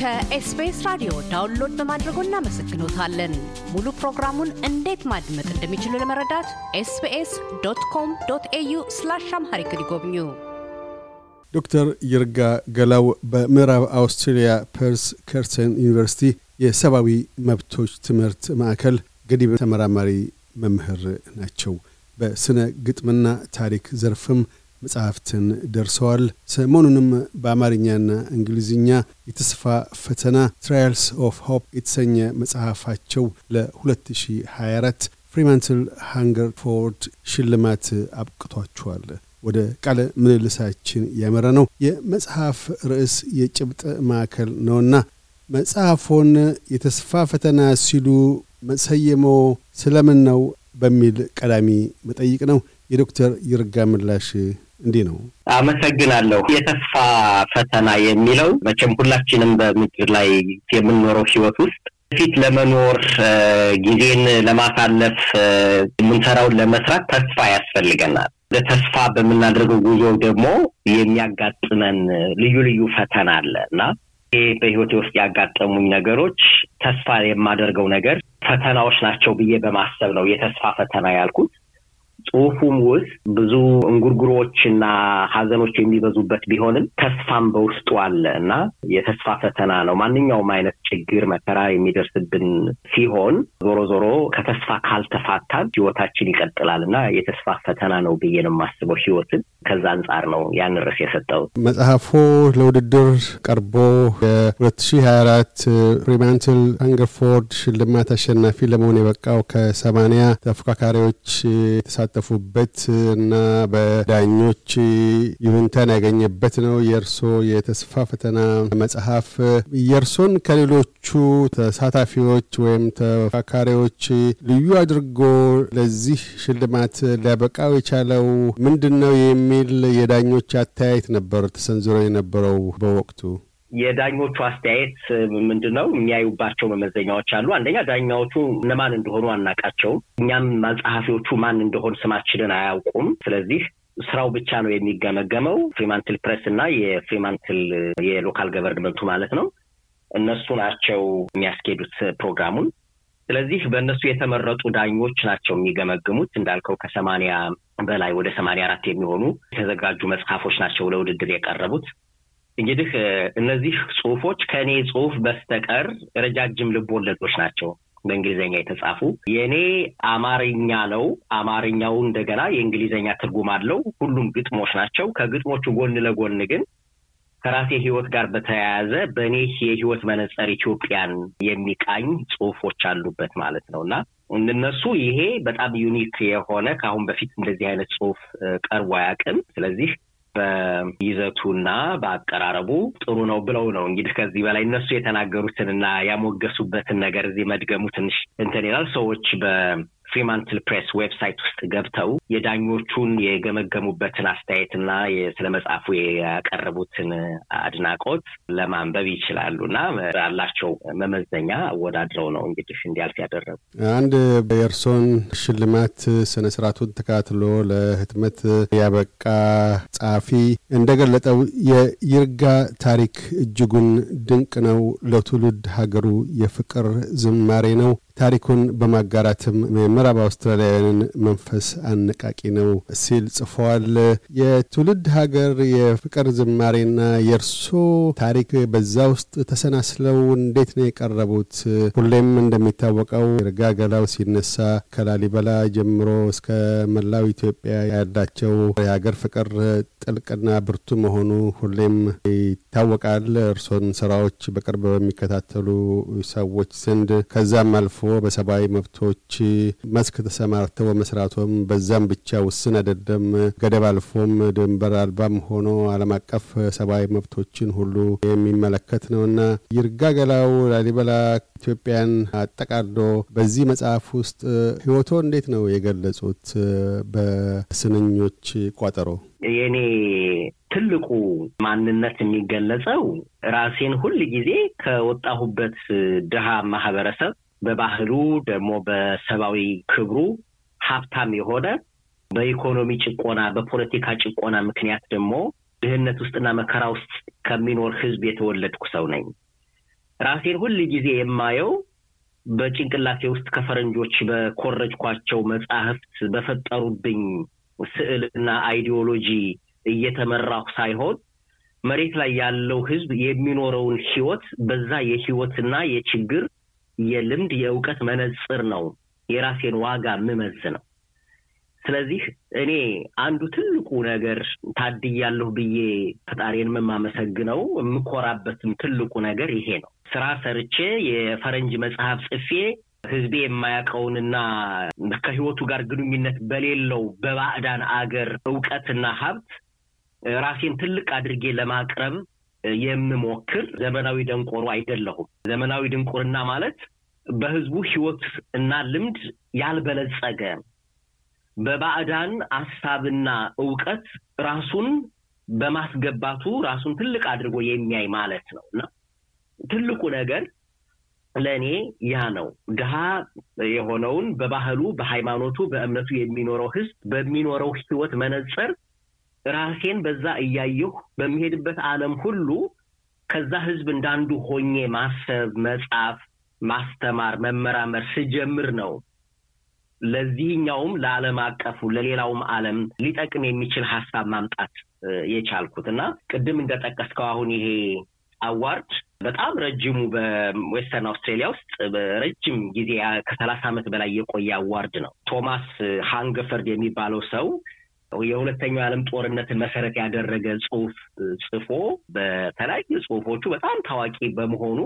ከኤስቢኤስ ራዲዮ ዳውንሎድ በማድረጎ እናመሰግኖታለን። ሙሉ ፕሮግራሙን እንዴት ማድመጥ እንደሚችሉ ለመረዳት ኤስቢኤስ ዶት ኮም ዶት ኤዩ ስላሽ አምሃሪክ ይጎብኙ። ዶክተር ይርጋ ገላው በምዕራብ አውስትሬልያ ፐርስ ከርሰን ዩኒቨርሲቲ የሰብአዊ መብቶች ትምህርት ማዕከል ገዲብ ተመራማሪ መምህር ናቸው። በስነ ግጥምና ታሪክ ዘርፍም መጽሐፍትን ደርሰዋል። ሰሞኑንም በአማርኛና እንግሊዝኛ የተስፋ ፈተና ትራያልስ ኦፍ ሆፕ የተሰኘ መጽሐፋቸው ለ2024 ፍሪማንትል ሃንገርፎርድ ሽልማት አብቅቷቸዋል። ወደ ቃለ ምልልሳችን ያመራ ነው። የመጽሐፍ ርዕስ የጭብጥ ማዕከል ነውና መጽሐፎን የተስፋ ፈተና ሲሉ መሰየሞ ስለምን ነው በሚል ቀዳሚ መጠይቅ ነው። የዶክተር ይርጋ ምላሽ እንዲህ ነው። አመሰግናለሁ። የተስፋ ፈተና የሚለው መቼም ሁላችንም በምድር ላይ የምንኖረው ህይወት ውስጥ ፊት ለመኖር ጊዜን ለማሳለፍ የምንሰራውን ለመስራት ተስፋ ያስፈልገናል። ለተስፋ በምናደርገው ጉዞ ደግሞ የሚያጋጥመን ልዩ ልዩ ፈተና አለ እና ይህ በህይወቴ ውስጥ ያጋጠሙኝ ነገሮች ተስፋ የማደርገው ነገር ፈተናዎች ናቸው ብዬ በማሰብ ነው የተስፋ ፈተና ያልኩት። ጽሁፉም ውስጥ ብዙ እንጉርጉሮችና ሀዘኖች የሚበዙበት ቢሆንም ተስፋም በውስጡ አለ እና የተስፋ ፈተና ነው። ማንኛውም አይነት ችግር፣ መከራ የሚደርስብን ሲሆን ዞሮ ዞሮ ከተስፋ ካልተፋታን ህይወታችን ይቀጥላል እና የተስፋ ፈተና ነው ብዬ ነው የማስበው ህይወትን ከዛ አንጻር ነው ያን ርዕስ የሰጠው። መጽሐፉ ለውድድር ቀርቦ የ2024 ፍሪማንትል አንገርፎርድ ሽልማት አሸናፊ ለመሆን የበቃው ከሰማንያ ተፎካካሪዎች የተሳተፉበት እና በዳኞች ይሁንታን ያገኘበት ነው። የእርሶ የተስፋ ፈተና መጽሐፍ የእርሶን ከሌሎቹ ተሳታፊዎች ወይም ተፎካካሪዎች ልዩ አድርጎ ለዚህ ሽልማት ሊያበቃው የቻለው ምንድን ነው? የሚል የዳኞች አተያየት ነበር ተሰንዝሮ የነበረው በወቅቱ። የዳኞቹ አስተያየት ምንድን ነው? የሚያዩባቸው መመዘኛዎች አሉ። አንደኛ ዳኛዎቹ እነማን እንደሆኑ አናውቃቸውም። እኛም መጽሐፊዎቹ ማን እንደሆን ስማችንን አያውቁም። ስለዚህ ስራው ብቻ ነው የሚገመገመው። ፍሪማንትል ፕሬስ እና የፍሪማንትል የሎካል ገቨርንመንቱ ማለት ነው። እነሱ ናቸው የሚያስኬዱት ፕሮግራሙን። ስለዚህ በእነሱ የተመረጡ ዳኞች ናቸው የሚገመግሙት እንዳልከው ከሰማኒያ በላይ ወደ ሰማንያ አራት የሚሆኑ የተዘጋጁ መጽሐፎች ናቸው ለውድድር የቀረቡት። እንግዲህ እነዚህ ጽሁፎች ከእኔ ጽሁፍ በስተቀር ረጃጅም ልብ ወለዶች ናቸው በእንግሊዝኛ የተጻፉ። የእኔ አማርኛ ነው። አማርኛው እንደገና የእንግሊዝኛ ትርጉም አለው። ሁሉም ግጥሞች ናቸው። ከግጥሞቹ ጎን ለጎን ግን ከራሴ ህይወት ጋር በተያያዘ በእኔ የህይወት መነጽር ኢትዮጵያን የሚቃኝ ጽሁፎች አሉበት ማለት ነው እና እነሱ ይሄ በጣም ዩኒክ የሆነ ከአሁን በፊት እንደዚህ አይነት ጽሁፍ ቀርቦ አያውቅም። ስለዚህ በይዘቱና በአቀራረቡ ጥሩ ነው ብለው ነው እንግዲህ ከዚህ በላይ እነሱ የተናገሩትንና ያሞገሱበትን ነገር እዚህ መድገሙ ትንሽ እንትን ይላል። ሰዎች በ ፍሪማንትል ፕሬስ ዌብሳይት ውስጥ ገብተው የዳኞቹን የገመገሙበትን አስተያየትና ስለ መጽሐፉ ያቀረቡትን አድናቆት ለማንበብ ይችላሉ እና አላቸው መመዘኛ አወዳድረው ነው እንግዲህ እንዲያልፍ ያደረጉ። አንድ የእርሶን ሽልማት ስነስርዓቱን ተካትሎ ተከታትሎ ለህትመት ያበቃ ጸሐፊ እንደገለጠው የይርጋ ታሪክ እጅጉን ድንቅ ነው። ለትውልድ ሀገሩ የፍቅር ዝማሬ ነው። ታሪኩን በማጋራትም የምዕራብ አውስትራሊያውያንን መንፈስ አነቃቂ ነው ሲል ጽፏል። የትውልድ ሀገር የፍቅር ዝማሬና የእርሶ ታሪክ በዛ ውስጥ ተሰናስለው እንዴት ነው የቀረቡት? ሁሌም እንደሚታወቀው ይርጋ ገላው ሲነሳ ከላሊበላ ጀምሮ እስከ መላው ኢትዮጵያ ያላቸው የሀገር ፍቅር ጥልቅና ብርቱ መሆኑ ሁሌም ይታወቃል። እርሶን ስራዎች በቅርብ በሚከታተሉ ሰዎች ዘንድ ከዛም አልፎ በሰብአዊ መብቶች መስክ ተሰማርተው በመስራቶም በዛም ብቻ ውስን አይደለም፣ ገደብ አልፎም ድንበር አልባም ሆኖ ዓለም አቀፍ ሰብአዊ መብቶችን ሁሉ የሚመለከት ነው ይርጋ ገላው ላሊበላ ኢትዮጵያን አጠቃሎ በዚህ መጽሐፍ ውስጥ ህይወቶ እንዴት ነው የገለጹት? በስንኞች ቋጠሮ የኔ ትልቁ ማንነት የሚገለጸው ራሴን ሁል ጊዜ ከወጣሁበት ድሃ ማህበረሰብ በባህሉ ደግሞ በሰብአዊ ክብሩ ሀብታም የሆነ በኢኮኖሚ ጭቆና፣ በፖለቲካ ጭቆና ምክንያት ደግሞ ድህነት ውስጥና መከራ ውስጥ ከሚኖር ህዝብ የተወለድኩ ሰው ነኝ። ራሴን ሁል ጊዜ የማየው በጭንቅላቴ ውስጥ ከፈረንጆች በኮረጅኳቸው መጽሐፍት በፈጠሩብኝ ስዕልና አይዲዮሎጂ እየተመራሁ ሳይሆን መሬት ላይ ያለው ህዝብ የሚኖረውን ህይወት በዛ የህይወትና የችግር የልምድ የእውቀት መነጽር ነው የራሴን ዋጋ ምመዝ ነው። ስለዚህ እኔ አንዱ ትልቁ ነገር ታድያለሁ ብዬ ፈጣሪን የማመሰግነው የምኮራበትም ትልቁ ነገር ይሄ ነው። ስራ ሰርቼ የፈረንጅ መጽሐፍ ጽፌ ህዝቤ የማያውቀውንና ከህይወቱ ጋር ግንኙነት በሌለው በባዕዳን አገር እውቀትና ሀብት ራሴን ትልቅ አድርጌ ለማቅረብ የምሞክር ዘመናዊ ደንቆሮ አይደለሁም። ዘመናዊ ድንቁርና ማለት በህዝቡ ህይወት እና ልምድ ያልበለጸገ በባዕዳን ሀሳብና እውቀት ራሱን በማስገባቱ ራሱን ትልቅ አድርጎ የሚያይ ማለት ነው እና ትልቁ ነገር ለእኔ ያ ነው። ድሃ የሆነውን በባህሉ፣ በሃይማኖቱ፣ በእምነቱ የሚኖረው ህዝብ በሚኖረው ህይወት መነጽር ራሴን በዛ እያየሁ በሚሄድበት ዓለም ሁሉ ከዛ ህዝብ እንዳንዱ ሆኜ ማሰብ፣ መጻፍ፣ ማስተማር፣ መመራመር ስጀምር ነው ለዚህኛውም ለዓለም አቀፉ ለሌላውም ዓለም ሊጠቅም የሚችል ሀሳብ ማምጣት የቻልኩት እና ቅድም እንደጠቀስከው አሁን ይሄ አዋርድ በጣም ረጅሙ በዌስተርን አውስትሬሊያ ውስጥ ረጅም ጊዜ ከሰላሳ ዓመት በላይ የቆየ አዋርድ ነው። ቶማስ ሃንገፈርድ የሚባለው ሰው የሁለተኛው የዓለም ጦርነትን መሰረት ያደረገ ጽሁፍ ጽፎ በተለያዩ ጽሁፎቹ በጣም ታዋቂ በመሆኑ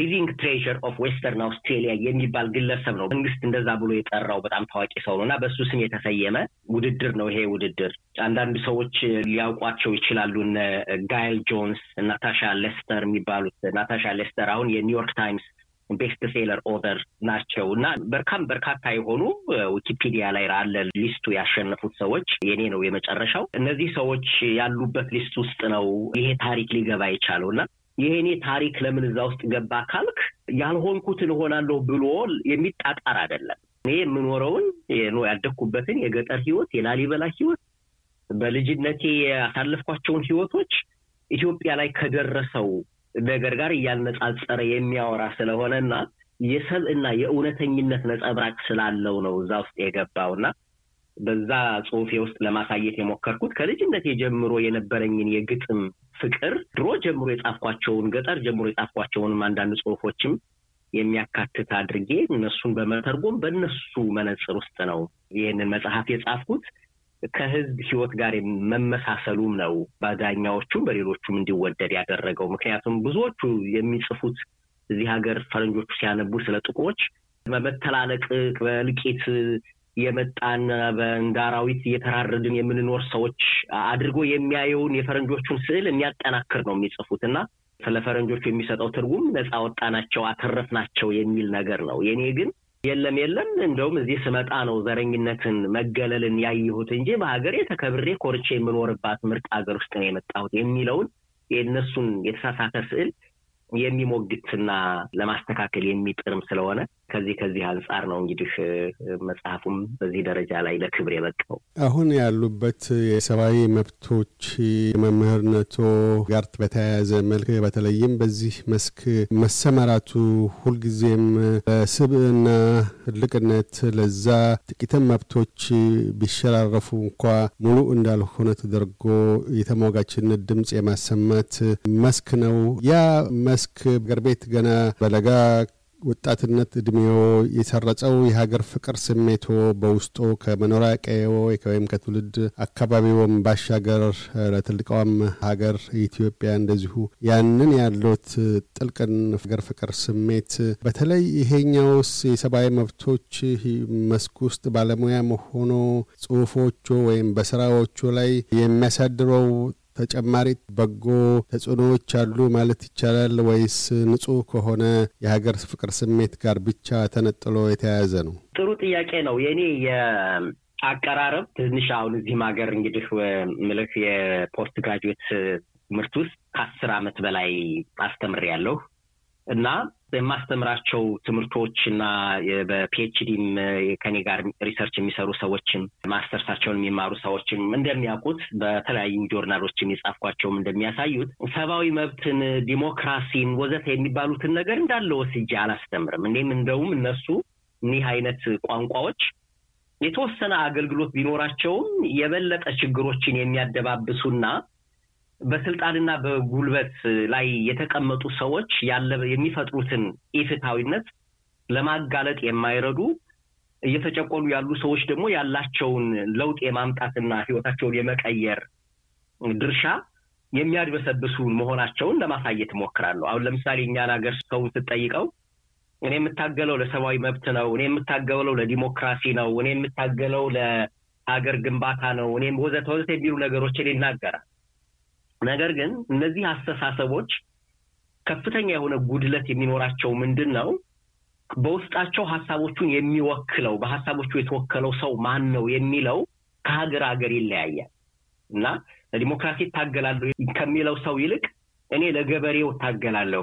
ሊቪንግ ትሬዥር ኦፍ ዌስተርን አውስትሬሊያ የሚባል ግለሰብ ነው መንግስት እንደዛ ብሎ የጠራው በጣም ታዋቂ ሰው ነው እና በእሱ ስም የተሰየመ ውድድር ነው ይሄ ውድድር። አንዳንድ ሰዎች ሊያውቋቸው ይችላሉ። እነ ጋይል ጆንስ፣ ናታሻ ሌስተር የሚባሉት ናታሻ ሌስተር አሁን የኒውዮርክ ታይምስ ቤስት ሴለር ኦተር ናቸው እና በርካም በርካታ የሆኑ ዊኪፒዲያ ላይ አለ ሊስቱ ያሸነፉት ሰዎች የኔ ነው የመጨረሻው እነዚህ ሰዎች ያሉበት ሊስት ውስጥ ነው ይሄ ታሪክ ሊገባ የቻለው እና የእኔ ታሪክ ለምን እዛ ውስጥ ገባ ካልክ ያልሆንኩትን እሆናለሁ ብሎ የሚጣጣር አይደለም። እኔ የምኖረውን ያደግኩበትን የገጠር ህይወት፣ የላሊበላ ህይወት፣ በልጅነቴ ያሳለፍኳቸውን ህይወቶች ኢትዮጵያ ላይ ከደረሰው ነገር ጋር እያነጻጸረ የሚያወራ ስለሆነ እና የሰብ እና የእውነተኝነት ነጸብራቅ ስላለው ነው እዛ ውስጥ የገባው እና በዛ ጽሁፌ ውስጥ ለማሳየት የሞከርኩት ከልጅነት ጀምሮ የነበረኝን የግጥም ፍቅር ድሮ ጀምሮ የጻፍኳቸውን ገጠር ጀምሮ የጻፍኳቸውንም አንዳንድ ጽሁፎችም የሚያካትት አድርጌ እነሱን በመተርጎም በእነሱ መነጽር ውስጥ ነው ይህንን መጽሐፍ የጻፍኩት። ከህዝብ ህይወት ጋር መመሳሰሉም ነው በዳኛዎቹም በሌሎቹም እንዲወደድ ያደረገው። ምክንያቱም ብዙዎቹ የሚጽፉት እዚህ ሀገር ፈረንጆቹ ሲያነቡ ስለ ጥቁሮች በመተላለቅ በልቂት የመጣን በንዳራዊት እየተራረድን የምንኖር ሰዎች አድርጎ የሚያየውን የፈረንጆቹን ስዕል የሚያጠናክር ነው የሚጽፉት እና ስለ ፈረንጆቹ የሚሰጠው ትርጉም ነፃ ወጣናቸው፣ አተረፍናቸው የሚል ነገር ነው። የኔ ግን የለም የለም፣ እንደውም እዚህ ስመጣ ነው ዘረኝነትን መገለልን ያየሁት እንጂ በሀገሬ ተከብሬ ኮርቼ የምኖርባት ምርጥ ሀገር ውስጥ ነው የመጣሁት የሚለውን የእነሱን የተሳሳተ ስዕል የሚሞግትና ለማስተካከል የሚጥርም ስለሆነ ከዚህ ከዚህ አንጻር ነው እንግዲህ መጽሐፉም በዚህ ደረጃ ላይ ለክብር የበቃው። አሁን ያሉበት የሰብአዊ መብቶች መምህርነቶ ጋር በተያያዘ መልክ በተለይም በዚህ መስክ መሰማራቱ ሁልጊዜም ለስብዕና ትልቅነት ለዛ ጥቂትም መብቶች ቢሸራረፉ እንኳ ሙሉ እንዳልሆነ ተደርጎ የተሟጋችነት ድምፅ የማሰማት መስክ ነው። ያ መስክ ገር ቤት ገና በለጋ ወጣትነት እድሜዎ የሰረጸው የሀገር ፍቅር ስሜቶ በውስጡ ከመኖሪያ ቀዬዎ ወይም ከትውልድ አካባቢዎም ባሻገር ለትልቋም ሀገር ኢትዮጵያ እንደዚሁ ያንን ያለት ጥልቅን ሀገር ፍቅር ስሜት በተለይ ይሄኛውስ የሰብአዊ መብቶች መስክ ውስጥ ባለሙያ መሆኖ ጽሁፎቹ ወይም በስራዎቹ ላይ የሚያሳድረው ተጨማሪ በጎ ተጽዕኖዎች አሉ ማለት ይቻላል ወይስ ንጹህ ከሆነ የሀገር ፍቅር ስሜት ጋር ብቻ ተነጥሎ የተያያዘ ነው? ጥሩ ጥያቄ ነው። የኔ የአቀራረብ ትንሽ አሁን እዚህም ሀገር እንግዲህ ምልህ የፖስት ግራጁዌት ምርት ውስጥ ከአስር አመት በላይ አስተምሬያለሁ። እና የማስተምራቸው ትምህርቶች እና በፒኤችዲም ከኔ ጋር ሪሰርች የሚሰሩ ሰዎችም ማስተርሳቸውን የሚማሩ ሰዎችም እንደሚያውቁት በተለያዩ ጆርናሎችም የጻፍኳቸውም እንደሚያሳዩት ሰብአዊ መብትን፣ ዲሞክራሲን ወዘተ የሚባሉትን ነገር እንዳለ ወስጄ አላስተምርም። እኔም እንደውም እነሱ እኒህ አይነት ቋንቋዎች የተወሰነ አገልግሎት ቢኖራቸውም የበለጠ ችግሮችን የሚያደባብሱና በስልጣንና በጉልበት ላይ የተቀመጡ ሰዎች የሚፈጥሩትን ኢፍታዊነት ለማጋለጥ የማይረዱ እየተጨቆኑ ያሉ ሰዎች ደግሞ ያላቸውን ለውጥ የማምጣትና ህይወታቸውን የመቀየር ድርሻ የሚያድበሰብሱ መሆናቸውን ለማሳየት እሞክራለሁ። አሁን ለምሳሌ እኛን ሀገር ሰውን ስትጠይቀው እኔ የምታገለው ለሰብአዊ መብት ነው፣ እኔ የምታገለው ለዲሞክራሲ ነው፣ እኔ የምታገለው ለሀገር ግንባታ ነው፣ እኔም ወዘተ ወዘተ የሚሉ ነገሮችን ይናገራል። ነገር ግን እነዚህ አስተሳሰቦች ከፍተኛ የሆነ ጉድለት የሚኖራቸው ምንድን ነው? በውስጣቸው ሀሳቦቹን የሚወክለው በሀሳቦቹ የተወከለው ሰው ማን ነው የሚለው ከሀገር ሀገር ይለያያል እና ለዲሞክራሲ እታገላለሁ ከሚለው ሰው ይልቅ እኔ ለገበሬው እታገላለሁ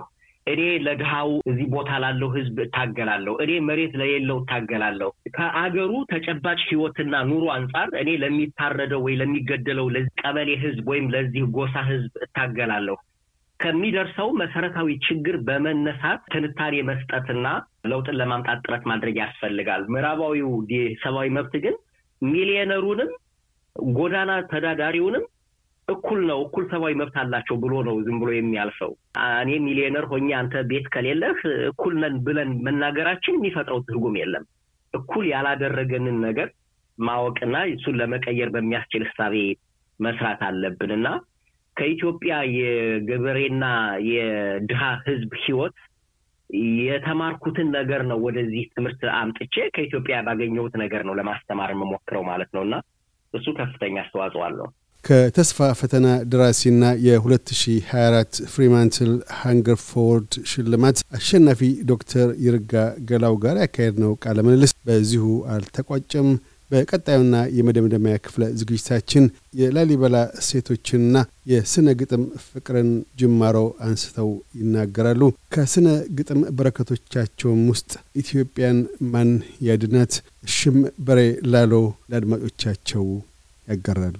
እኔ ለድሃው እዚህ ቦታ ላለው ህዝብ እታገላለሁ፣ እኔ መሬት ለሌለው እታገላለሁ። ከአገሩ ተጨባጭ ህይወትና ኑሮ አንጻር እኔ ለሚታረደው ወይ ለሚገደለው ለዚህ ቀበሌ ህዝብ ወይም ለዚህ ጎሳ ህዝብ እታገላለሁ ከሚደርሰው መሰረታዊ ችግር በመነሳት ትንታኔ መስጠትና ለውጥን ለማምጣት ጥረት ማድረግ ያስፈልጋል። ምዕራባዊው ሰብአዊ መብት ግን ሚሊዮነሩንም ጎዳና ተዳዳሪውንም እኩል ነው፣ እኩል ሰብአዊ መብት አላቸው ብሎ ነው ዝም ብሎ የሚያልፈው። እኔ ሚሊዮነር ሆኜ አንተ ቤት ከሌለህ እኩል ነን ብለን መናገራችን የሚፈጥረው ትርጉም የለም። እኩል ያላደረገንን ነገር ማወቅና እሱን ለመቀየር በሚያስችል እሳቤ መስራት አለብን እና ከኢትዮጵያ የገበሬና የድሃ ህዝብ ህይወት የተማርኩትን ነገር ነው ወደዚህ ትምህርት አምጥቼ ከኢትዮጵያ ባገኘሁት ነገር ነው ለማስተማር የምሞክረው ማለት ነው እና እሱ ከፍተኛ አስተዋጽኦ አለው። ከተስፋ ፈተና ደራሲና የ2024 ፍሪማንትል ሃንገር ፎርድ ሽልማት አሸናፊ ዶክተር ይርጋ ገላው ጋር ያካሄድ ነው ቃለ ምልልስ በዚሁ አልተቋጨም። በቀጣዩና የመደምደሚያ ክፍለ ዝግጅታችን የላሊበላ ሴቶችንና የስነ ግጥም ፍቅርን ጅማሮ አንስተው ይናገራሉ። ከስነ ግጥም በረከቶቻቸውም ውስጥ ኢትዮጵያን ማን ያድናት? ሽም በሬ ላሎ ለአድማጮቻቸው ያጋራሉ።